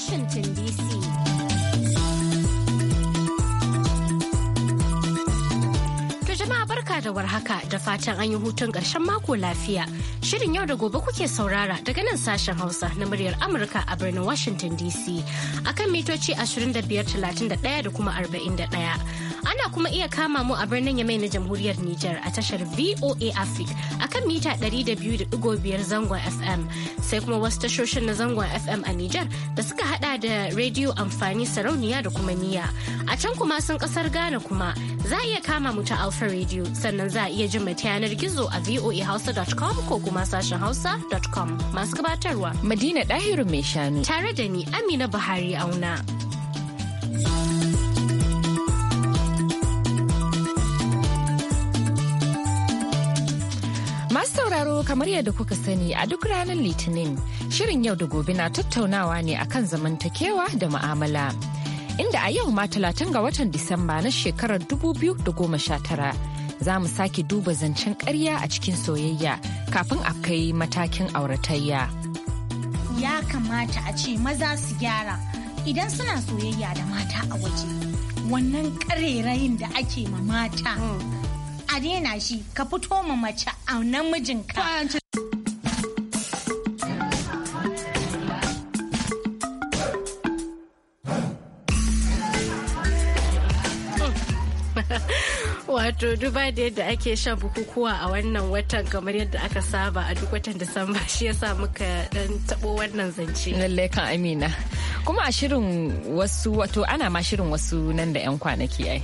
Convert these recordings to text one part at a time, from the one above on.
Washington DC. To jama'a barka da warhaka da fatan an yi hutun ƙarshen mako lafiya. Shirin yau da gobe kuke saurara daga nan sashen Hausa na muryar Amurka a birnin Washington DC akan mitoci 31 da kuma 41. Ana kuma iya kama mu a birnin Yamai na Jamhuriyar Nijar a tashar VOA Africa a kan mita 200.5 zangon FM. Sai kuma wasu tashoshin na zangon FM a Nijar da suka hada da rediyo amfani sarauniya da kuma niya. A can kuma sun kasar Ghana kuma za a iya kama mu ta Alpha rediyo sannan za a iya jin mu yanar gizo a voahausa.com ko kuma sashen hausa.com masu gabatarwa. Madina Dahiru mai shanu. Tare da ni Amina Buhari auna. Masu sauraro kamar yadda kuka sani a duk ranar Litinin, shirin yau da gobe na tattaunawa ne a kan zamantakewa da ma'amala. Inda a yau ma talatin ga watan Disamba na shekarar 2019 za mu sake duba zancen karya a cikin soyayya kafin a kai matakin auratayya. Ya kamata a ce maza su gyara idan suna soyayya da mata a waje. Wannan ƙarerayin da ake ma mata. Mm. a rena shi ka fito ma mace a namijinka. Wato duba da yadda ake shan bukukuwa a wannan watan kamar yadda aka saba a duk watan Disamba shi yasa muka dan tabo wannan zance. Lallai kan Amina. Kuma a shirin wasu wato ana ma shirin wasu nan da 'yan kwanaki ai.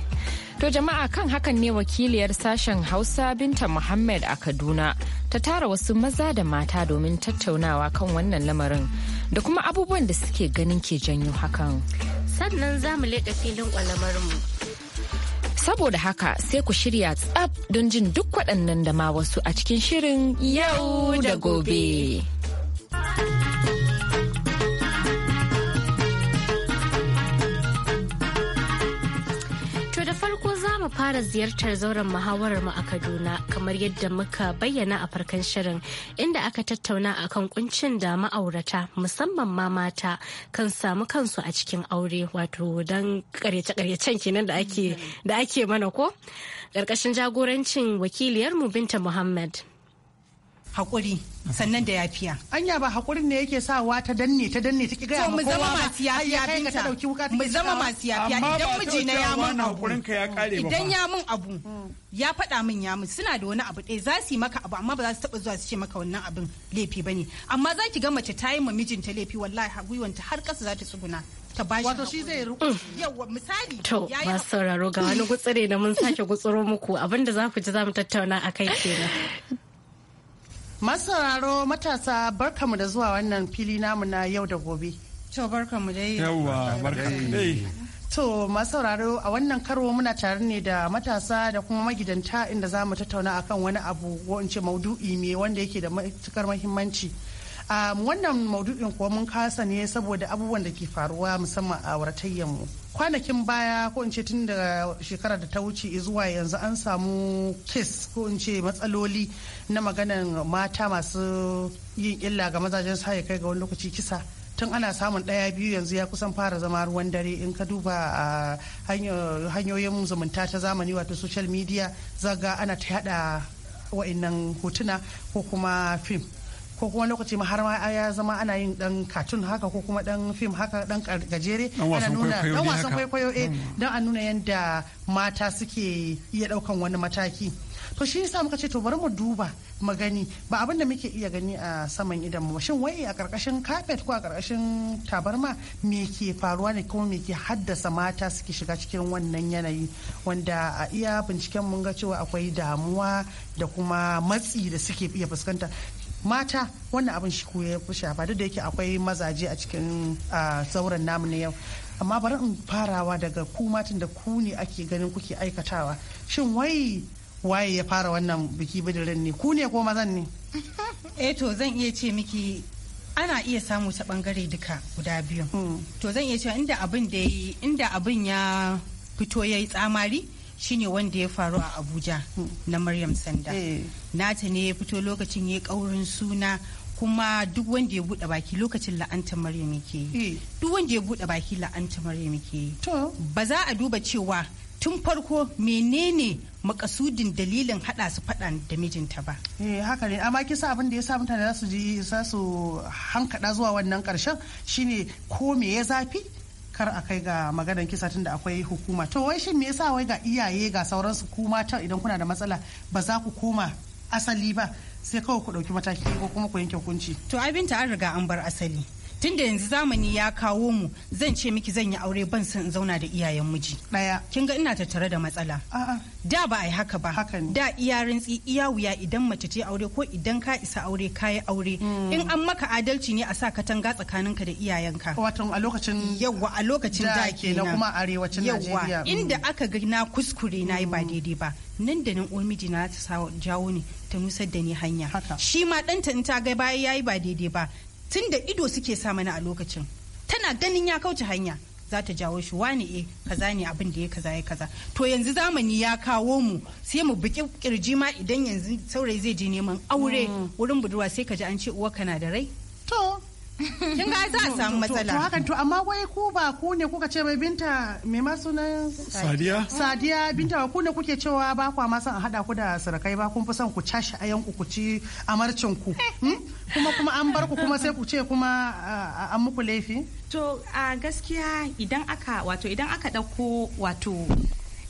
To jama'a kan hakan ne wakiliyar sashen Hausa Binta Muhammad a Kaduna ta tara wasu maza da mata domin tattaunawa kan wannan lamarin da kuma abubuwan da suke ganin ke janyo hakan. Sannan za mu leƙa filin mu. Saboda haka sai ku shirya tsab don jin duk waɗannan da ma wasu a cikin shirin yau da gobe. mu fara ziyartar zauren muhawarar mu a Kaduna kamar yadda muka bayyana a farkon shirin inda aka tattauna akan kuncin da ma'aurata musamman ma mata kan samu kansu a cikin aure wato don karyace-karyacen kenan da ake da ake mana ko ƙarƙashin jagorancin wakiliyarmu Binta Muhammad. haƙuri sannan da yafiya. Anya ba haƙurin ne yake sawa ta danne ta danne ta ki ma kowa ba. Mu zama masu yafiya Mu zama masu yafiya idan miji na ya mun abu. Idan ya mun abu ya faɗa min ya mun suna da wani abu ɗaya za su yi maka abu amma ba za su taɓa zuwa su ce maka wannan abin laifi ba ne. Amma za ki ga mace ta yi ma mijinta laifi wallahi gwiwanta har ƙasa za ta tsuguna. ta bashi wato shi zai yawa misali to ba sauraro ga wani gutsire da mun sake gutsuro muku abinda za ku ji za mu tattauna akai kenan Masararo matasa barkamu da zuwa wannan fili namu na yau da gobe to barkamu dai dai to masararo a wannan karo muna tare ne da matasa da kuma magidanta inda za mu tattauna akan wani abu ko in ce maudu'i ne wanda yake da matukar muhimmanci wannan maudu'in kuwa mun kasa ne saboda abubuwan da ke faruwa musamman a wartayyar mu kwanakin baya ko in ce tun da shekara da ta wuce zuwa yanzu an samu kes ko in ce matsaloli na maganan mata masu yin illa ga mazajen sa ya kai ga wani lokaci kisa tun ana samun ɗaya biyu yanzu ya kusan fara zama ruwan dare in ka duba a hanyoyin zumunta ta zamani wato social media zaga ana ta yada wa'annan hotuna ko kuma fim ko kuma lokaci ma har ma ya zama ana yin dan cartoon haka ko kuma dan film haka dan gajere ana nuna dan wasan kwaikwayo eh dan a nuna yadda mata suke iya daukan wani mataki to shi yasa muka ce to bari mu duba magani gani ba abin da muke iya gani a saman idan mu shin wai a karkashin carpet ko a karkashin tabarma me ke faruwa ne kuma me ke haddasa mata suke shiga cikin wannan yanayi wanda a iya binciken mun ga cewa akwai damuwa da kuma matsi da suke iya fuskanta mata wannan abin shi ko ya fi shafa duk da yake akwai mazaje a cikin sauran namu na yau amma bari in farawa daga ku matan da ku ne ake ganin kuke aikatawa shin wai waye ya fara wannan biki bidirin ne ku ne ko mazan ne eh to zan iya ce miki ana iya samu ta bangare duka guda biyu hmm. to zan iya cewa inda abin da inda abin ya fito yayi tsamari shine wanda ya faru a abuja na maryam sanda eh. nata ne ya fito lokacin ya kaurin suna kuma duk wanda ya buɗe baki lokacin la'antar maryam ke yi eh. duk wanda ya buɗe baki la'antar maryam ke yi ba za a duba cewa tun farko menene makasudin dalilin hada su faɗa da mijinta ba. Eh haka ne amma kisa abin da ya sa mutane za su ji za hankada zuwa wannan karshen shine ko me ya zafi kar a kai ga maganar kisa tunda akwai hukuma to wai shin me yasa wai ga iyaye ga sauransu ku mata idan kuna da matsala ba za ku koma asali ba sai kawai ku ɗauki mataki ko kuma ku yanke hukunci to abinta an riga an bar asali tun da yanzu zamani ya kawo mu zan ce miki zan yi aure ban san zauna da iyayen miji daya kin ga ina tattare da matsala da ba a yi haka ba da iya rantsi iya wuya idan mace ce aure ko idan ka isa aure kayi aure hmm. in an maka adalci ne a sa katanga tsakaninka da iyayenka wato a lokacin yawa a lokacin da na kuma arewacin Najeriya hmm. inda aka ga na kuskure na yi ba hmm. daidai ba nan da nan miji na ta jawo ne ta nusar da ni hanya shi ma ɗanta in ta ga baya yayi ba daidai ba tun da ido suke sa mana a lokacin tana ganin ya kauce hanya za ta jawo shi wani e eh, kaza ne abin da ya kaza ya kaza to yanzu zamani ya kawo mu sai mu biki kirji ma idan yanzu saurayi zai je neman aure mm. wurin budurwa sai ka ji an ce uwa kana da rai to kin ga za a samu matsala to hakan to amma wai ku ba ku ne kuka ce mai binta me ma sunan sadiya sadiya binta ku ne kuke cewa ba kwa ma san a hada ku da sarakai ba kun fi son ku cashe ayan ku ku ci amarcin ku hmm? kuma kuma an bar ku kuma sai ku ce kuma an muku laifi to a gaskiya idan aka wato idan aka dauko wato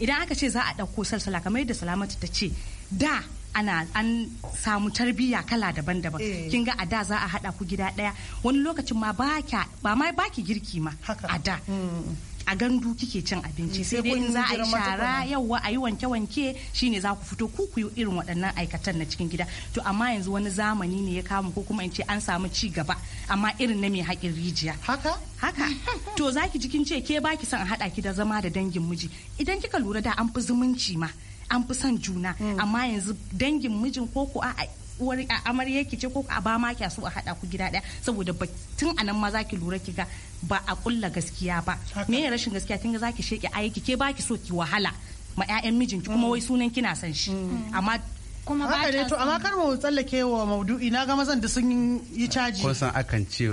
idan aka ce za a dauko salsala kamar yadda salamatu ta ce da ana an samu tarbiyya kala daban-daban eh. kin ga a da za a hada ku gida daya wani lokacin ma ba ba ma baki girki ma a mm. a gandu kike cin abinci sai dai za a yi shara yauwa a yi wanke-wanke shine za ku fito ku ku yi irin waɗannan aikatan na cikin gida to amma yanzu wani zamani ne ya kama ko kuma in ce an samu ci gaba amma irin na mai haƙin rijiya haka haka to za ki jikin ce ke baki son a haɗa ki da zama da dangin miji idan kika lura da an fi zumunci ma an fi son juna mm. amma yanzu dangin mijin ko ko a uwar amarya ki ce ko a ba ma kya so a hada ku gida daya saboda tun anan ma ki lura ki ga ba a kulla gaskiya ba me ya rashin gaskiya za zaki sheke aiki ke ba ki so ki wahala ma ƴaƴan mijinki kuma mm. wai sunan kina san shi mm. amma kuma ba haka ne to amma kar mu tsallake wa maudu'i na ga mazan da sun yi caji ko san akan ce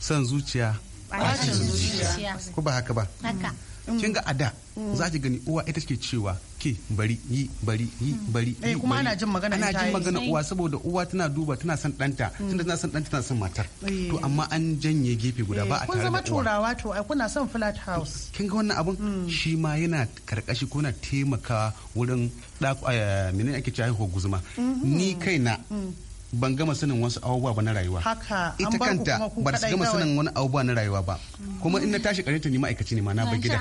son zuciya zuciya ko ba haka ba Mm. kin ga ada mm. za ki gani uwa ita take cewa ke bari yi bari yi mm. bari eh, yi kuma ana jin magana ana jin magana uwa saboda uwa tana duba tana son danta tunda tana son danta tana son matar eh. to amma an janye gefe guda ba a eh, tare da uwa kun zama turawa to ai kuna son flat house kin ga wannan abun shi ma yana karkashi ko na taimaka wurin da menene ake cewa ko guzuma mm-hmm. ni kaina ban gama sanin wasu abubuwa ba na rayuwa ita kanta ba su gama sanin wani abubuwa na rayuwa ba kuma in na tashi karanta ni ma'aikaci ne ma na bai gida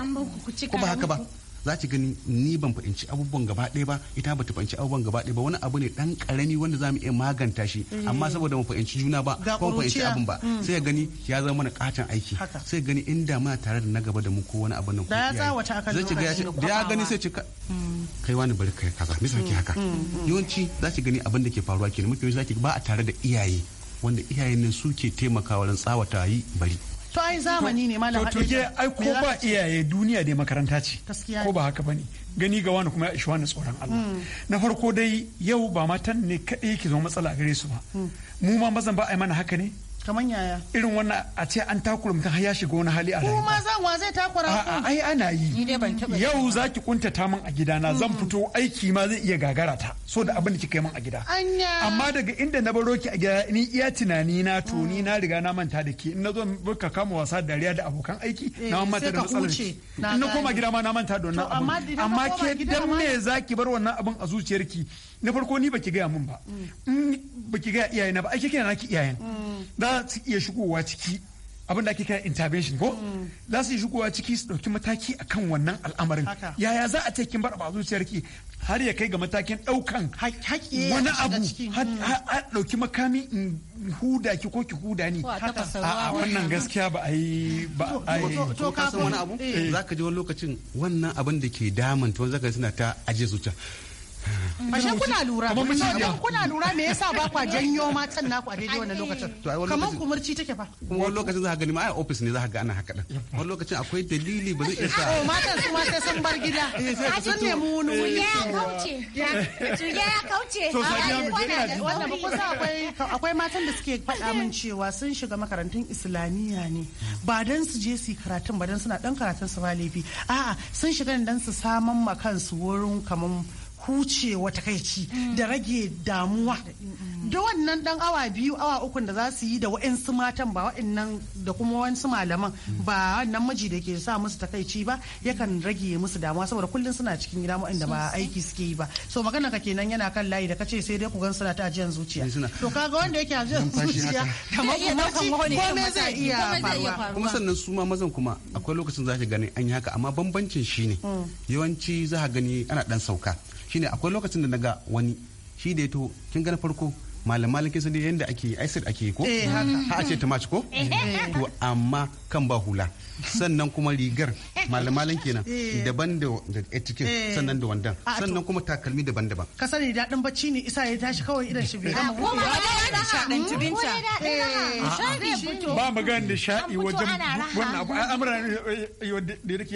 ko ba haka ba za ki gani ni ban fahimci abubuwan gaba ɗaya ba ita ba ta fahimci abubuwan gaba ɗaya ba wani abu ne dan karami wanda za mu iya maganta shi amma mm. saboda mu fahimci juna ba ko mu fahimci abun ba mm. sai ya gani ya zama mana katon aiki sai gani inda muna tare da na gaba da mu ko wani abu nan ko ya zai ci da ya gani sai ci mm. kai wani bari kai kaza me sake haka yawanci za ki gani abin da ke faruwa kenan mafi yawanci za ki ba a tare da iyaye wanda iyayen nan suke taimakawa wajen tsawata yi bari to ai zamani ne malam to je ai ko ba iyaye duniya dai makaranta ce ko ba haka bane gani ga wani kuma ya ishi wani tsoron Allah hmm. na farko dai yau ba matan ne kadai yake zama matsala a gare su ba hmm. mu ma mazan ba a mana haka ne kamar yaya irin wannan a ce an takura mutum har ya shiga wani hali a rayuwa kuma zan wa zai takura ku ai ana yi yau zaki kuntata min a gida na zan fito aiki ma zai iya gagara ta so da abin da kika yi min a gida amma daga inda na baro ki a gida ni iya tunani na to ni na riga na manta da ke in na zo ka kama wasa dariya da abokan aiki eh, na manta da matsalar ki in na koma gida ma na manta da wannan abin amma ke dan me zaki bar wannan abin a zuciyarki na farko ni baki gaya mun ba mm. in baki gaya iyayen na ba ake kina naki iyayen mm. za su iya shigowa ciki abin da ake kira intervention ko mm. za su iya shigowa ciki su dauki mataki akan wannan al'amarin yaya za a kin bar ba zuciyar ki har ya kai ga matakin daukan wani abu a dauki makami in huda ki ko ki huda ni a wannan gaskiya ba a yi ba a yi to ka wani abu eh. zaka ji wani lokacin wannan abin da ke damanta wani zaka suna ta aje zuciya Ashe kuna lura. Kuna lura me yasa ba kwa janyo matan naku a daidai wannan lokacin. Kamar kumurci take fa. Kuma wani lokacin za ka gani ma ai office ne za ka ga ana haka dan. Wani lokacin akwai dalili ba zai iya sa. Oh matan su ma sai sun bar gida. Eh, sun nemi wani wuri. Ya kauce. Ya kauce. To ya mu gina. Wannan ba kusa akwai akwai matan da suke faɗa min cewa sun shiga makarantun islamiyya ne ba dan su je su karatun ba dan suna dan karatun su ba laifi. A'a sun shiga dan su saman ma kansu wurin kamar hucewa takaici mm. da rage damuwa mm, mm, da wannan dan awa biyu awa ukun da za su yi da wa'insu matan ba wa'innan da kuma wa'insu malaman ba wannan miji da ke sa musu takaici ba yakan rage musu damuwa saboda kullum suna cikin gida wa'inda ba aiki suke yi ba so magana ka kenan yana kan layi da kace sai dai ku gan suna ta ajiyar zuciya to kaga wanda yake ajiyar zuciya kamar kuma me zai iya faruwa kuma sannan su ma mazan kuma akwai lokacin za ka gani an yi haka amma bambancin shine yawanci za ka gani ana dan sauka shine akwai lokacin da na ga wani shi da ya to kin gana farko malam malikin sun yadda ake acid ake ko eh. ha a ce ta ko eh. to amma kan ba hula sannan kuma rigar malam malam kenan eh. daban da etikin sannan da wandan sannan kuma takalmi daban-daban ka sani daɗin bacci ne isa ya tashi kawai idan shi bai gama hula ba shaɗanci binta ba magana da shaɗi wajen wannan abu al'amuran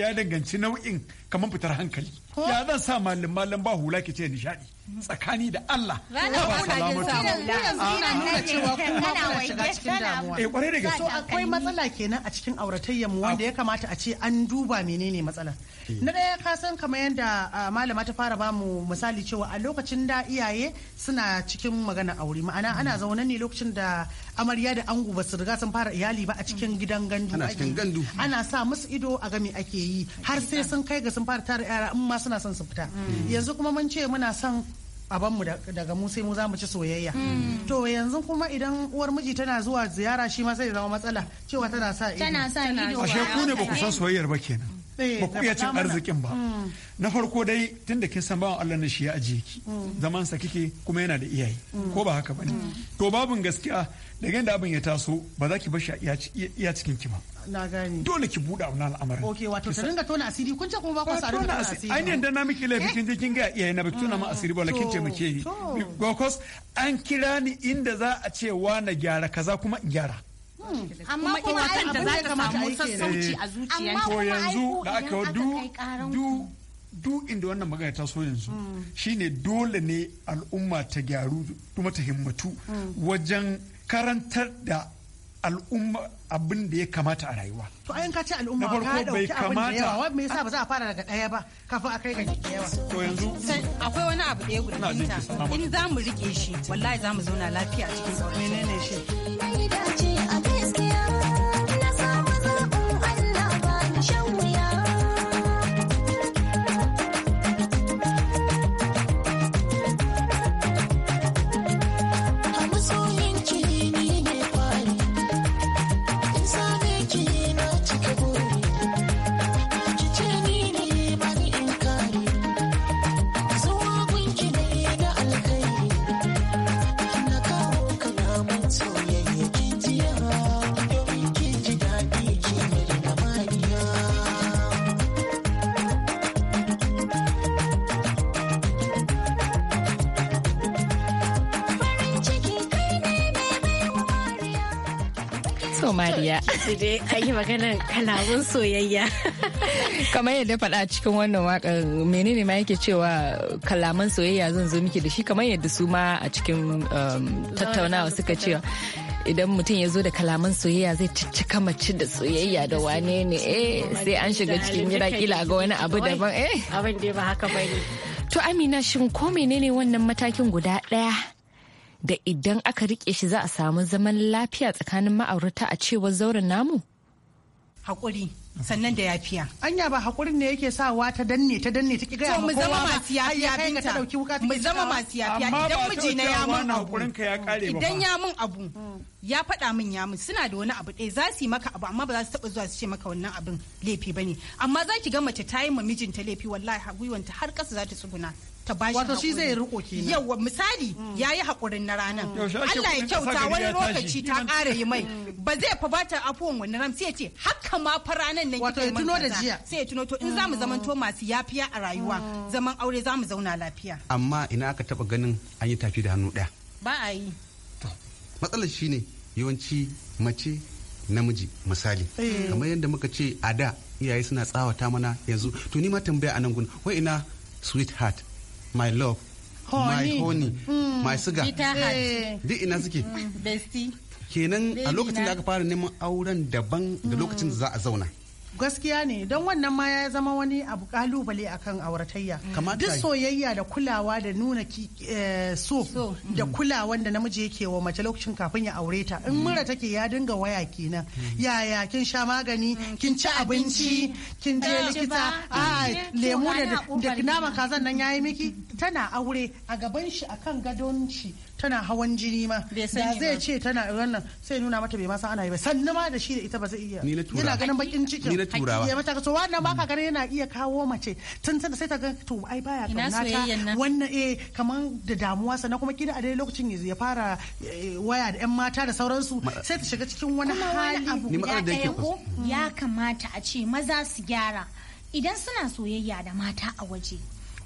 ya danganci nau'in kamar fitar hankali ya zan sa malam malam ba hula ke ce nishadi tsakani da Allah ba salamatu a nuna cewa kuma kuna shiga cikin damuwa eh kwarai da gaske so akwai matsala kenan a cikin auratayyar mu wanda ya kamata a ce an duba menene matsala? Eh. na daya ka san kamar yadda malama ta fara ba mu misali cewa a lokacin da iyaye suna cikin magana aure ma'ana ana mm. zaune ne lokacin da amarya da ango ba su riga sun fara iyali ba a cikin gidan gandu ana cikin gandu ana sa musu ido a game ake yi har sai sun kai ga sun fara tara yara in ma suna son su fita mm. yanzu kuma mun ce muna son abanmu daga mu sai mu za mu ci soyayya mm. to yanzu kuma idan uwar miji tana zuwa ziyara shi ma sai zama matsala cewa tana sa ido tana sa ido ashe ku ne ba ku san soyayyar ba kenan eh, ba ku iya cin arzikin ba mm. na farko dai tun da kin san bawan Allah na shi ya ajiye ki zaman sa kike kuma yana da iyaye ko ba haka bane to babun gaskiya daga yadda abin ya taso ba za ki bashi iya cikin ki ba na gani dole ki buɗe abu na al'amarin Ok wato ta dinga tona asiri kun ce kuma ba ku sadu da asiri ainihin da na miki laifi eh? kin je kin ga iyaye na ba tona ma asiri ba lakin mm, taimake yi. gokos an kira ni inda za a ce wa na gyara kaza kuma in gyara hmm, amma kuma ai abin da ka samu sassauci a eh, zuciyarki ko yanzu da aka du du du inda wannan magana ta so yanzu hmm. shine dole ne al'umma ta gyaru kuma ta himmatu hmm. wajen karantar da al'umma abin da ya kamata a rayuwa. To ayin ka ce al'umma ka dauki abin da yawa wai me yasa ba za a fara daga daya ba kafin a kai ga yawa. To yanzu akwai wani abu da ya guda in za mu rike shi wallahi za mu zauna lafiya a cikin tsaro. Menene shi? mariya an yi maganar kalabun soyayya kamar yadda faɗa cikin wannan wakan menene ma yake cewa kalaman soyayya zan zo miki da shi kamar yadda su ma a cikin um, tattaunawa suka cewa idan mutum ya zo da kalaman soyayya zai cika mace da soyayya da wane ne eh sai an shiga cikin gida kila ga wani abu daban eh abin da ba haka bane to amina shin ko menene wannan matakin guda ɗaya? da idan aka rike shi za a samu zaman lafiya tsakanin ma'aurata a cewar zauren namu? Hakuri sannan da yafiya. Anya ba hakurin ne yake sawa ta danne ta danne ta kiga mu zama masu yafiya wuka Mu zama masu yafiya idan miji na ya mun abu. Idan ya mun abu ya faɗa min ya mun suna da wani abu ɗaya za su yi maka abu amma ba za su taɓa zuwa su ce maka wannan abin laifi ba ne. Amma za ki ga mace ta yi ma mijinta laifi wallahi gwiwanta har ƙasa za ta tsuguna ta bashi wato shi zai riko kenan yawa misali mm. yayi hakurin na ranan Allah ya kyauta wani lokaci ta kare yi mai mm. ba zai fa bata afuwan wani ran sai ya ce haka ma fa ranan nan wato ya tuno da jiya sai ya tuno to in zamu mm. zamanto masu yafiya a rayuwa zaman aure zamu zauna lafiya amma ina aka taba ganin an yi tafi da hannu daya? ba a yi matsalar shine yawanci mace namiji misali eh. kamar yadda muka ce a da iyaye suna tsawata mana yanzu to ni ma tambaya a nan gun wai ina sweetheart my love my honey hmm. my sugar eh. duk ina suke hmm. kenan a lokacin da aka fara neman auren daban da lokacin da za a zauna gaskiya ne don wannan ma ya zama wani abu kalubale akan auratayya duk soyayya da kulawa da nuna eh, so mm. da kulawan da namiji yake wa mace lokacin kafin ya aure ta in mm. mura take ya dinga waya kenan mm. yaya kin sha magani kin ci abinci kin je likita lemu da nama kazan nan yayi miki tana aure a gaban shi akan gadon shi tana hawan jini ma da zai ce tana wannan sai nuna mata bai ma san ana yi ba sannan ma da shi da ita ba zai iya yana ganin bakin cikin ni na turawa ya mata so wannan baka ganin yana iya kawo mace tun tun sai ta ga to ai baya ta wannan eh kaman da damuwa sannan kuma kida a dai lokacin ya fara eh, waya da yan mata da sauransu sai ta shiga cikin wani hali ya kamata a ce maza su gyara idan suna soyayya da mata a waje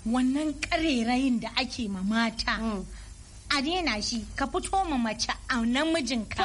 wannan karerayin da ake ma mata mm. a daina shi ka fito ma mace a namijinka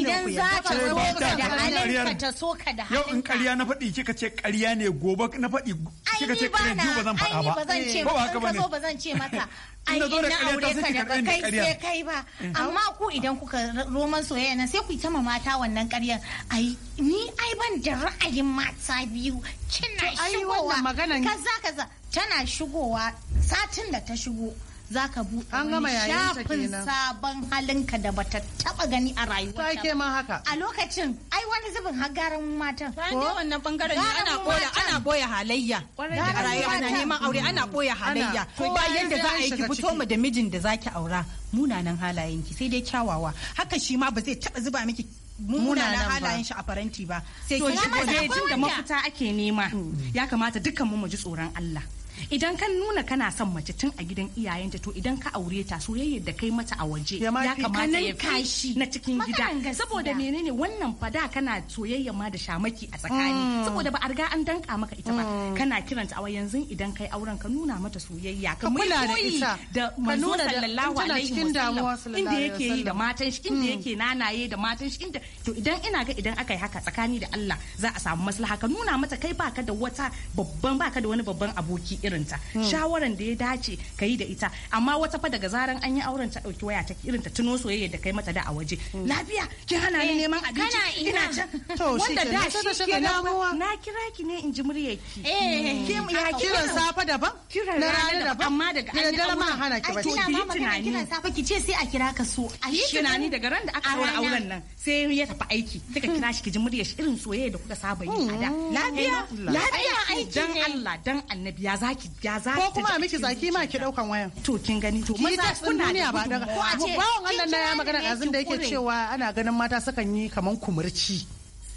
idan za ka zo ka da halinka ta so ka da halinka yau in ƙarya na faɗi kika ce ƙarya ne gobe na faɗi kika ce ƙarya ne ba zan faɗa ba ba haka ba ba zan ce eh. maka ai na aure ka daga kai sai kai ba eh. amma ku idan kuka roman soyayya nan sai ku yi ta mata wannan ƙaryar ai ni ai ban da ra'ayin mata biyu kina shigowa kaza kaza tana shigowa satin da ta shigo za ka buɗe wani shafin sabon halinka da bata taba gani a rayuwa ta ma haka a lokacin ai wani zubin har garan matan ko wannan bangaren ana boya ana boye halayya a rayuwa ana neman aure ana boye halayya ba yadda za a yi ki fito mu da mijin da zaki aura munanan halayenki sai dai kyawawa haka shi ma ba zai taba zuba miki munanan halayen shi a faranti ba sai kin da mafita ake nema mm. ya kamata dukkan mu mu ji tsoron Allah idan ka nuna kana son mace tun a gidan iyayenta to idan ka aure ta soyayyar da kai mata a waje ya kamata ya kashi na cikin gida saboda menene wannan fada kana soyayya ma da shamaki a tsakani mm. saboda ba a riga an danka maka ita ba mm. kana kiranta a yanzu idan kai auren ka nuna mata soyayya ka kula da ita da manzo sallallahu alaihi wasallam inda yake yi da matan shi inda mm. yake nanaye da matan shi inda to idan ina ga idan aka yi haka tsakani da Allah za a samu maslaha ka nuna mata kai baka da wata babban baka da wani babban aboki irinta hmm. shawaran da ya dace ka yi da ita amma wata fa daga zaran an yi auren ta dauki waya ta irin ta tuno soyayya da kai mata da a waje hmm. lafiya kin hana ni eh, neman abinci ina can ke da shi ke na kira ki ne in ji muryarki eh. hmm. ya kiran safa daban na rana daban amma daga an yi auren hana ki ba ki tunani kira safa ki ce sai a kira ka so a yi ni daga ran da aka aure auren nan sai ya tafi aiki kika kira shi ki ji muryar shi irin soyayya da kuka saba yi a da lafiya lafiya aiki dan Allah dan annabi ya za zaki ya za ko kuma miki zaki ma ki daukan waya. to kin gani to mun ta kuna duniya ba daga bawon Allah na ya magana azin da yake cewa ana ganin mata sukan yi kaman kumurci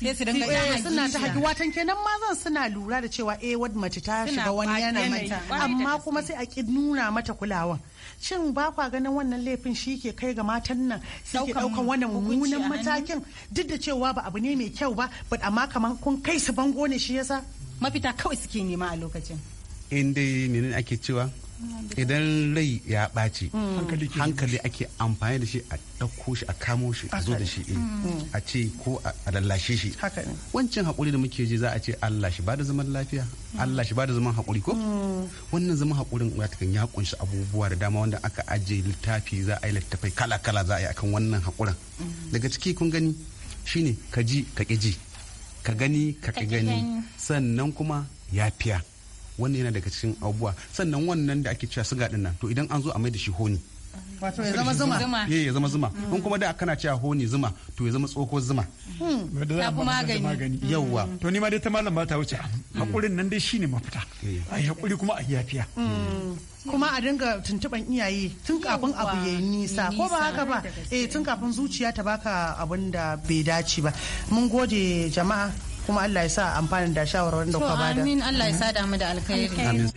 eh, suna ta haƙi watan kenan zan suna lura da cewa eh wad mace ta shiga wani yanayi amma kuma sai a ki nuna mata kulawan shin ba kwa ganin wannan laifin shi ke kai ga matan nan suke daukan wannan mummunan matakin duk da cewa ba abu ne mai kyau ba but amma kaman kun kai su bango ne shi yasa mafita kawai suke nema a lokacin Inda dai menene ake cewa idan rai ya ɓaci hankali ake amfani da shi a ɗauko shi a kamo shi a zo da shi eh, a ce ko a lallashe shi wancan haƙuri da muke ji za a ce Allah shi bada zaman lafiya Allah shi bada zaman haƙuri ko mm. wannan zaman haƙurin watakan ya kunshi abubuwa da dama wanda aka ajiye littafi za a yi littafai kala kala za a yi akan wannan haƙuran mm. daga ciki kun gani shine ka ji ka ƙi ji ka gani ka ƙi gani sannan kuma yafiya wannan yana daga cikin abubuwa sannan wannan da ake cewa suga din nan to idan an zo a mai da shi honi wato ya zama zuma eh, ya zama zuma hmm. in kuma da kana cewa honi zuma to ya zama tsoko zuma hmm. ta kuma magani hmm. yawa to ni ma dai ta malam ba ta wuce hakurin nan dai shine mafita eh. ai hakuri kuma a yafiya kuma a dinga tuntuban iyaye tun kafin abu ya yi nisa ko ba haka ba eh tun kafin zuciya ta baka abin da bai dace ba mun gode jama'a kuma Allah ya sa amfani da shawarwarin da kuka bada amin Allah ya sa damu da alkhairi amin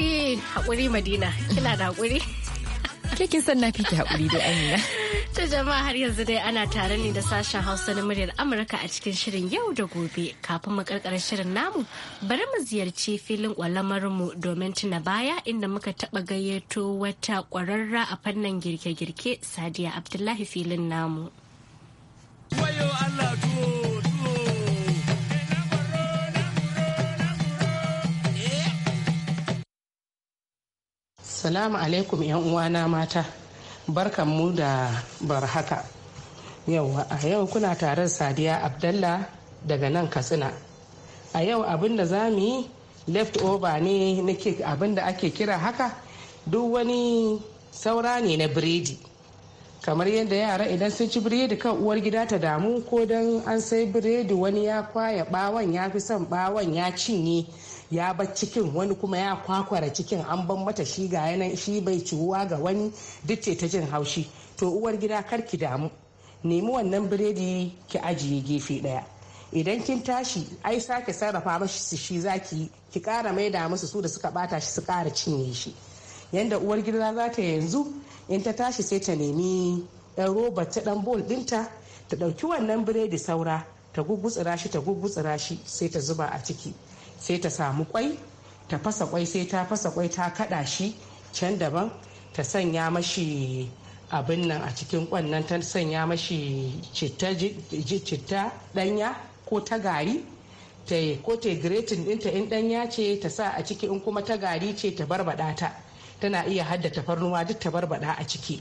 hakuri hakuri madina kina da haƙuri ke kin san na hakuri haƙuri da amina ta jama'a har yanzu dai ana tare ne da sashen hausa na muryar amurka a cikin shirin yau da gobe kafin mu karkara shirin namu bari mu ziyarci filin mu domin tuna baya inda muka taɓa gayyato wata ƙwararra a fannin girke-girke sadiya abdullahi filin namu. salamu alaikum yan uwana mata barkan mu da barhaka yau a yau kuna tare sadiya abdallah daga nan katsina a yau abin da za mu yi left over ne na kek abin da ake kira haka duk wani saura ne na biredi kamar yadda yara idan sun ci biredi kan uwar gida ta damu ko don an sai biredi wani ya kwaya bawon ya fi son bawon ya cinye ya bar cikin wani kuma ya kwakwara cikin an ban mata shi ga yanan shi bai ciwuwa ga wani duk ce ta jin haushi to uwar gida kar ki damu nemi wannan biredi ki ajiye gefe daya idan kin tashi ai sake sarrafa mashi shi zaki ki kara maida musu su da suka bata shi su kara cinye shi yanda uwar gida za ta yanzu in ta tashi sai ta nemi yan roba ta dan bol dinta ta dauki wannan biredi saura ta gugutsira shi ta gugutsira shi sai ta zuba a ciki sai ta samu kwai ta fasa kwai sai ta fasa kwai ta kada shi can daban ta sanya mashi abin nan a cikin kwannan ta sanya mashi citta danya ko ta gari ta ko ta gretin dinta in danya ce ta sa a ciki in kuma ta gari ce ta barbada ta tana iya haddata tafarnuwa duk ta barbada a ciki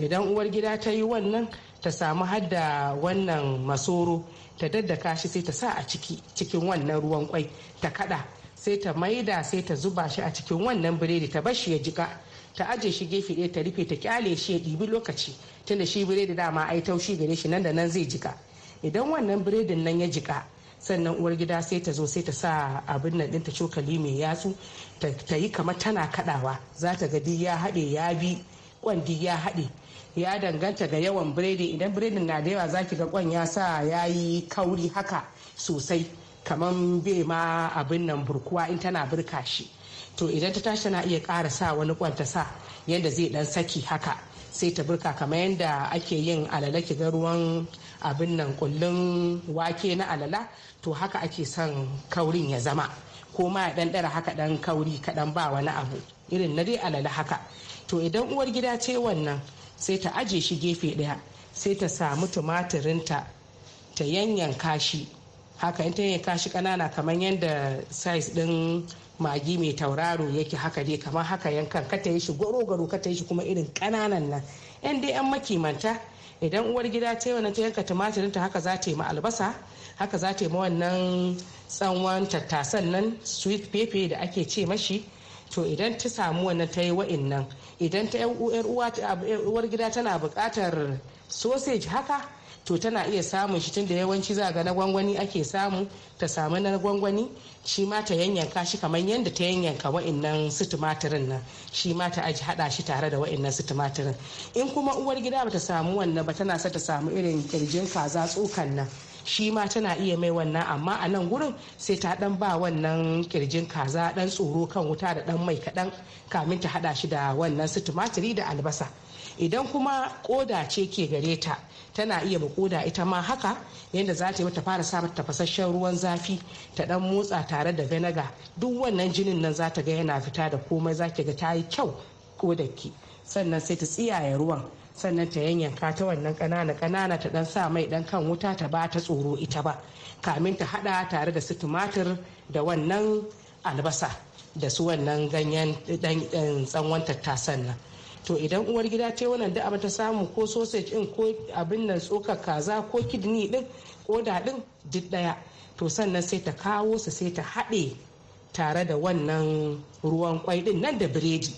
idan uwar gida ta yi wannan ta samu hadda wannan masoro ta daddaka shi sai ta sa a ciki cikin wannan ruwan kwai ta kada sai ta maida sai ta zuba shi a cikin wannan biredi ta bar shi ya jika ta aje shi gefe ɗaya ta rufe ta kyale shi ya ɗibi lokaci tunda shi biredi dama ai taushi gare shi nan da nan zai jika idan wannan biredin nan ya jika sannan uwar gida sai ta zo sai ta sa abin nan ɗinta cokali mai yatsu ta yi kamar tana kaɗawa za ta ga ya haɗe ya bi kwandi ya haɗe ya danganta ga yawan biredi idan biredin na da yawa zaki ga kwan ya sa ya yi kauri haka sosai kamar bai ma abin nan burkuwa in tana burka shi to idan ta tashi na iya ƙara sa wani kwan ta sa yadda zai dan saki haka sai ta burka kamar yadda ake yin alala ki ga ruwan abin nan kullun wake na alala to haka ake son kaurin ya zama ko ma ya dan dara haka dan kauri kaɗan ba wani abu irin na dai alala haka to idan uwar gida ce wannan sai ta aje shi gefe ɗaya sai ta samu tumatirinta ta yanyanka shi haka in ta yanyanka shi ƙanana kamar yadda size ɗin magi mai tauraro yake haka dai kamar haka yankan ka ta yi shi gwaro gwaro ka ta yi shi kuma irin ƙananan nan yan dai yan makimanta idan uwar gida ta yi wannan ta yanka tumatirinta haka za ta yi ma albasa haka za ta yi ma wannan tsawon tattasan nan sweet pepper da ake ce mashi to idan ta samu wannan ta yi wa'in nan idan ta uwar gida tana bukatar sausage haka to tana iya samun shi tunda yawanci za ga na gwangwani ake samu ta samu na gwangwani shi ma ta yanyanka shi kamar yadda ta yanyanka nan su tumatirin nan shi ma ta aji hada shi tare da nan su tumatirin in kuma uwar gida ta samu wannan ba tana sa ta samu irin kirjin kaza tsokan nan shi ma tana iya mai wannan amma a nan gurin sai ta dan ba wannan kirjin kaza dan tsoro kan wuta da dan mai kaɗan kamin ta hada shi da wannan su tumatiri da albasa idan kuma koda ce ke gare ta tana iya ba koda ita ma haka yadda za ta yi ta fara samun tafasasshen ruwan zafi ta dan motsa tare da venega duk wannan jinin nan za ta ga yana fita da komai za ki ga ta yi kyau ko da sannan sai ta tsiyaye ruwan sannan ta yanyanka ta wannan ƙanana ƙanana ta dan sa mai ɗan kan wuta ta ba ta tsoro ita ba kamin ta haɗa tare da su tumatir da wannan albasa da su wannan ganyen ɗan tsawon tattasan nan to idan uwar gida ce wannan da abin ta samu ko sausage din ko abin nan tsoka kaza ko kidney din ko da din duk daya to sannan sai ta kawo su sai ta haɗe tare da wannan ruwan kwai din nan da biredi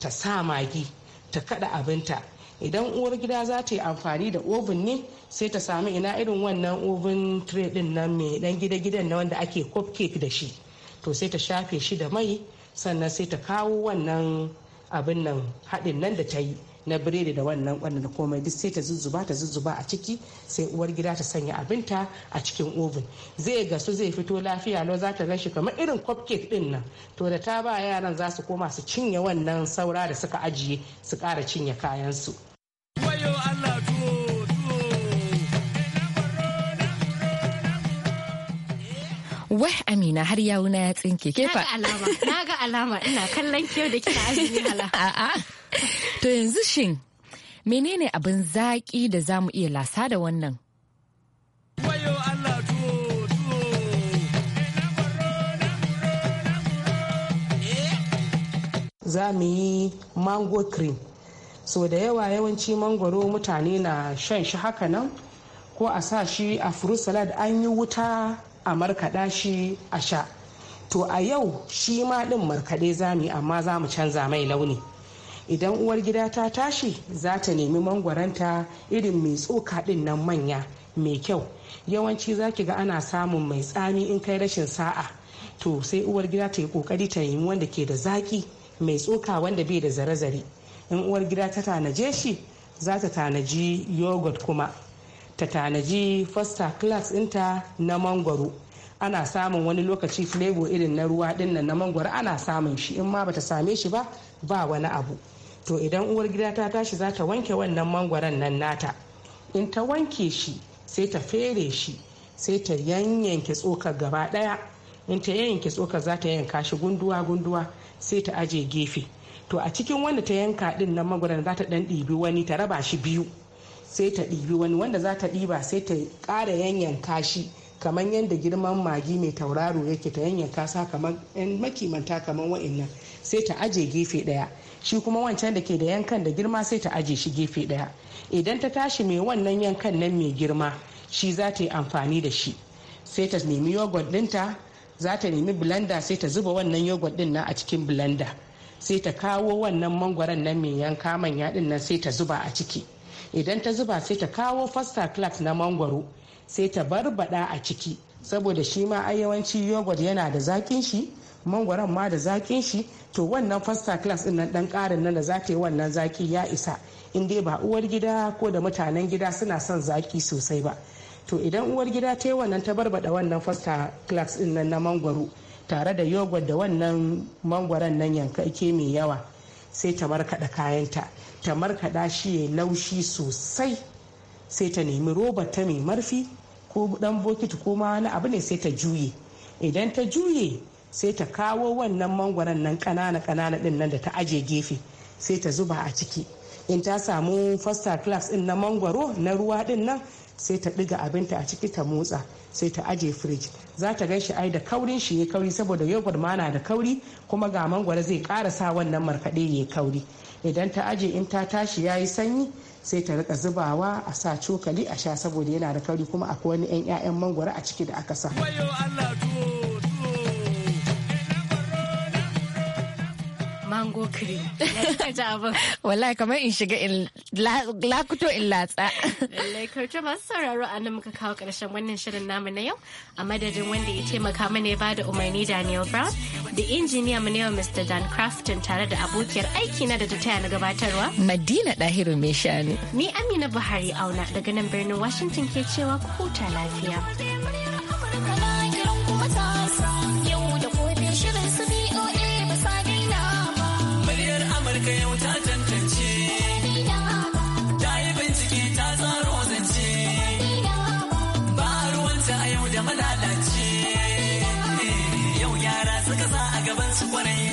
ta sa magi ta kada abinta idan uwar gida za ta yi amfani da oven ne sai ta samu ina irin wannan oven tire din nan mai dan gida-gidan na wanda ake cupcake da shi to sai ta shafe shi da mai sannan sai ta kawo wannan abin nan haɗin nan da ta yi na biredi da wannan wannan komai duk sai ta zuzzuba ta zuzzuba a ciki sai uwar gida ta sanya abinta a cikin oven zai gasu zai fito lafiya lau za ta gan kamar irin cupcake din nan to da ta ba yaran za su koma su cinye wannan saura da suka ajiye su kara cinye kayan su wai amina har yawuna ya tsinke ke fa na ga alama ina kallon kyau da kina azumi hala a'a to yanzu shin menene abin zaƙi da za mu iya lasa da wannan za mu yi mango cream so da yawa yawanci mangoro mutane na shan shi haka nan ko a sa shi a fruit salad an yi wuta a markaɗa shi a sha to a yau shi ma ɗin markaɗe za mu yi amma za mu canza mai launi idan uwar gida ta tashi za ta nemi mangwaranta irin mai tsoka ɗin nan manya mai kyau yawanci za ki ga ana samun mai tsami in kai rashin sa'a to sai uwar gida ta yi kokari ta nemi wanda ke da zaki mai tsoka wanda bai da zare-zare in uwar gida ta tanaje shi za ta tanaji yogurt kuma ta tanaji fasta class ɗinta na mangwaro ana samun wani lokaci flavor irin na ruwa ɗin na mangwaro ana samun shi in ma bata same shi ba ba wani abu to idan uwar gida ta tashi za ta wanke wannan mangwaron nan nata in ta wanke shi sai ta fere shi sai ta yanyanke tsokar gaba ɗaya in ta yanyanke tsokar za ta yanka shi gunduwa gunduwa sai ta aje gefe to a cikin wanda ta yanka din nan mangwaron za ta dan ɗibi wani ta raba shi biyu sai ta ɗibi wani wanda za ta ɗiba sai ta ƙara yanyanka shi kamar yadda girman magi mai tauraro yake ta yanyanka sa kamar yan makimanta kamar wa'annan sai ta aje gefe ɗaya shi kuma wancan da ke da yankan da girma sai ta aje shi gefe ɗaya idan ta tashi mai wannan yankan nan mai girma shi za ta yi amfani da shi sai ta nemi yogurt ɗinta za ta nemi blender sai ta zuba wannan yogurt ɗin nan a cikin blender sai ta kawo wannan mangwaron nan mai yanka manya ɗin nan sai ta zuba a ciki idan ta zuba sai ta kawo fasta class na mangwaro sai ta barbada a ciki saboda shi ma a yawanci yogurt yana da zaƙin shi mangwaron ma da zaƙin shi to wannan fasta class din nan dan ƙarin nan da za yi wannan zaƙi ya isa in dai ba uwar gida ko da mutanen gida suna son zaƙi sosai ba to idan uwar gida ta yi wannan ta barbada wannan fasta class din na mangwaro tare da yogurt da wannan mangwaron nan ke mai yawa sai ta markaɗa kayanta ta markaɗa shi ya laushi sosai sai ta nemi roba ta mai marfi ko ɗan bokiti ko ma wani abu ne sai ta juye idan ta juye sai ta kawo wannan mangwaron nan ƙanana ƙanana ɗin nan da ta aje gefe sai ta zuba a ciki in ta samu fasta class ɗin na mangwaro na ruwa ɗin nan sai ta ɗiga abinta a ciki ta motsa sai ta aje firij za ta gan shi ai da kaurin shi ya kauri saboda yogurt ma na da kauri kuma ga mangwaro zai ƙara sa wannan markaɗe ya kauri idan ta aje in ta tashi ya yi sanyi sai ta rika zubawa a sa cokali a sha saboda yana da kauri kuma akwai wani 'yan 'ya'yan mangwaro a ciki da aka sa. mango cream wallahi kamar in shiga in lakuto in latsa lallai masu sauraro a nan muka kawo karshen wannan shirin namu na yau a madadin wanda ya taimaka mana ya ba da umarni Daniel Brown da injiniya mu ne Mr. Dan Crafton tare da abokiyar aiki na da ta taya na gabatarwa Madina Dahiru mai shani ni Amina Buhari auna daga nan birnin Washington ke cewa ku huta lafiya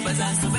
I za su